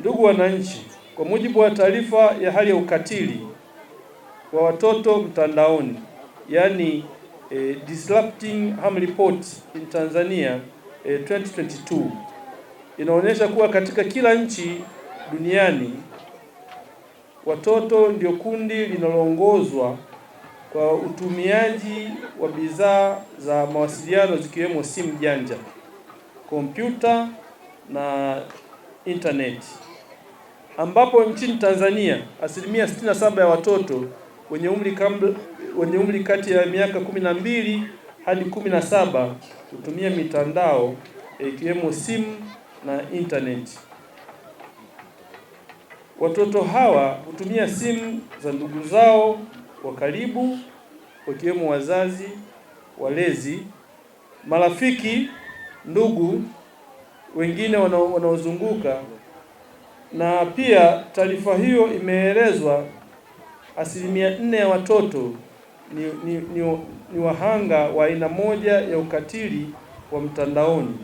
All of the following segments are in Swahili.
Ndugu wananchi, kwa mujibu wa taarifa ya hali ya ukatili wa watoto mtandaoni, yani e, eh, Disrupting Harm Report in Tanzania e, eh, 2022 inaonyesha kuwa katika kila nchi duniani watoto ndio kundi linaloongozwa kwa utumiaji wa bidhaa za mawasiliano zikiwemo simu janja, kompyuta na intaneti ambapo nchini Tanzania asilimia 67 ya watoto wenye umri kabla, wenye umri kati ya miaka 12 hadi 17 hutumia mitandao ikiwemo simu na intaneti. Watoto hawa hutumia simu za ndugu zao wa karibu wakiwemo wazazi, walezi, marafiki, ndugu wengine wanaozunguka na pia taarifa hiyo imeelezwa asilimia nne ya watoto ni, ni, ni, ni wahanga wa aina moja ya ukatili wa mtandaoni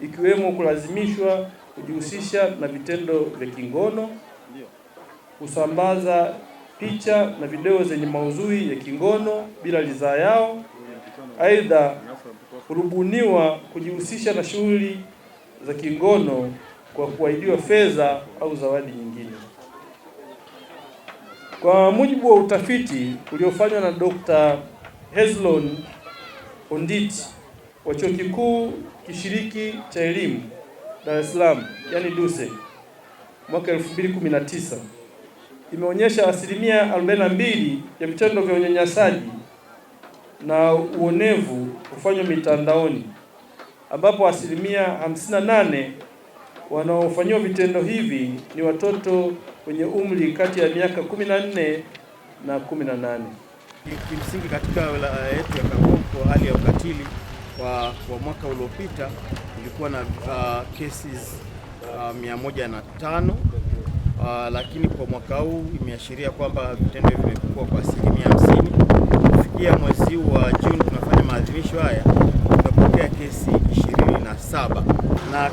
ikiwemo kulazimishwa kujihusisha na vitendo vya kingono, kusambaza picha na video zenye maudhui ya kingono bila ridhaa yao. Aidha, kurubuniwa kujihusisha na shughuli za kingono kwa kuahidiwa fedha au zawadi nyingine. Kwa mujibu wa utafiti uliofanywa na Dr. Heslon ondit wa Chuo Kikuu Kishiriki cha Elimu Dar es Salaam, yani DUSE mwaka 2019 imeonyesha asilimia 42 ya vitendo vya unyanyasaji na uonevu hufanywa mitandaoni ambapo asilimia 58 wanaofanyiwa vitendo hivi ni watoto wenye umri kati ya miaka 14 na 18. Kimsingi katika wilaya yetu ya Kakonko hali ya ukatili kwa kwa mwaka uliopita ilikuwa na uh, cases uh, 105 uh, lakini kwa mwaka huu imeashiria kwamba vitendo vimepungua kwa asilimia 50 kufikia mwezi wa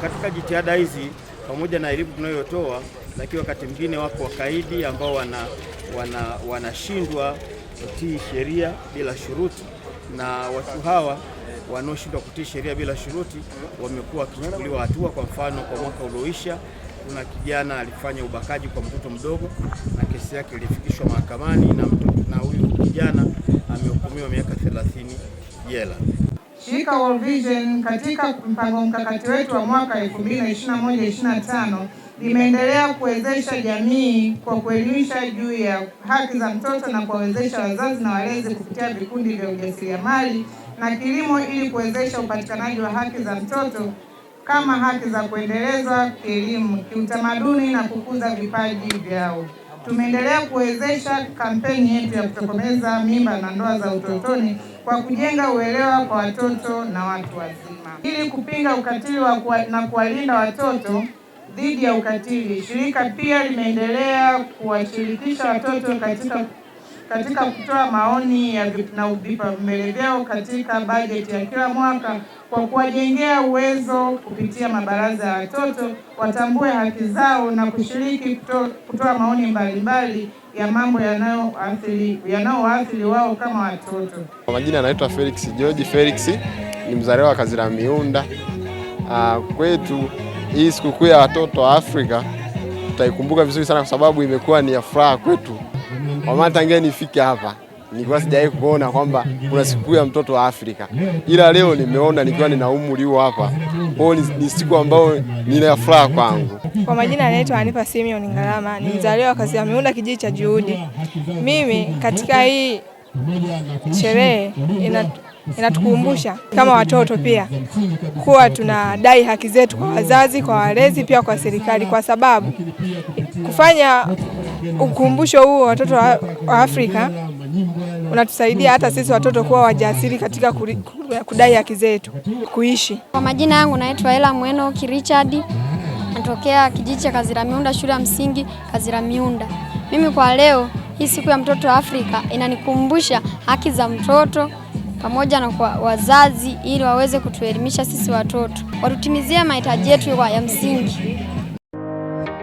katika jitihada hizi pamoja na elimu tunayotoa, lakini wakati mwingine wako wakaidi ambao wanashindwa wana, wana kutii sheria bila shuruti, na watu hawa wanaoshindwa kutii sheria bila shuruti wamekuwa wakichukuliwa hatua. Kwa mfano, kwa mwaka ulioisha kuna kijana alifanya ubakaji kwa mtoto mdogo na kesi yake ilifikishwa mahakamani na huyu kijana amehukumiwa miaka 30 jela. Shirika World Vision katika mpango mkakati wetu wa mwaka 2021-2025 limeendelea kuwezesha jamii kwa kuelimisha juu ya haki za mtoto na kuwawezesha wazazi na walezi kupitia vikundi vya ujasiriamali na kilimo ili kuwezesha upatikanaji wa haki za mtoto kama haki za kuendelezwa kielimu, kiutamaduni na kukuza vipaji vyao tumeendelea kuwezesha kampeni yetu ya kutokomeza mimba na ndoa za utotoni kwa kujenga uelewa kwa watoto na watu wazima ili kupinga ukatili wa na kuwalinda watoto dhidi ya ukatili. Shirika pia limeendelea kuwashirikisha watoto katika katika kutoa maoni ya na vipaumbele vyao katika bajeti ya kila mwaka kwa kuwajengea uwezo kupitia mabaraza ya watoto, watambue haki zao na kushiriki kutoa maoni mbalimbali ya mambo yanayowaathiri wao kama watoto. Kwa majina anaitwa Felix George Felix, ni mzaliwa wa Kazira Miunda. Uh, kwetu hii sikukuu ya watoto wa Afrika tutaikumbuka vizuri sana kwa sababu imekuwa ni ya furaha kwetu. Kwa maana tangia nifike hapa nilikuwa sijawahi kuona kwamba kuna siku ya mtoto wa Afrika, ila leo nimeona nikiwa nina umri huo hapa. Kwao ni siku ambayo nina furaha kwangu. Kwa majina anaitwa Anipa Simeon Ngalama, ni mzaliwa wa Kazi ya Miunda, kijiji cha Juhudi. Mimi katika hii sherehe ina inatukumbusha kama watoto pia kuwa tunadai haki zetu kwa wazazi, kwa walezi, pia kwa serikali, kwa sababu kufanya Ukumbusho huo watoto wa, Afrika unatusaidia hata sisi watoto kuwa wajasiri katika kudai haki zetu kuishi. Kwa majina yangu naitwa Ela Mweno Kirichard, natokea kijiji cha kazira miunda shule ya msingi kazira miunda Mimi kwa leo hii siku ya mtoto wa Afrika inanikumbusha haki za mtoto pamoja na kwa wazazi ili waweze kutuelimisha sisi watoto, watutimizie mahitaji yetu ya msingi.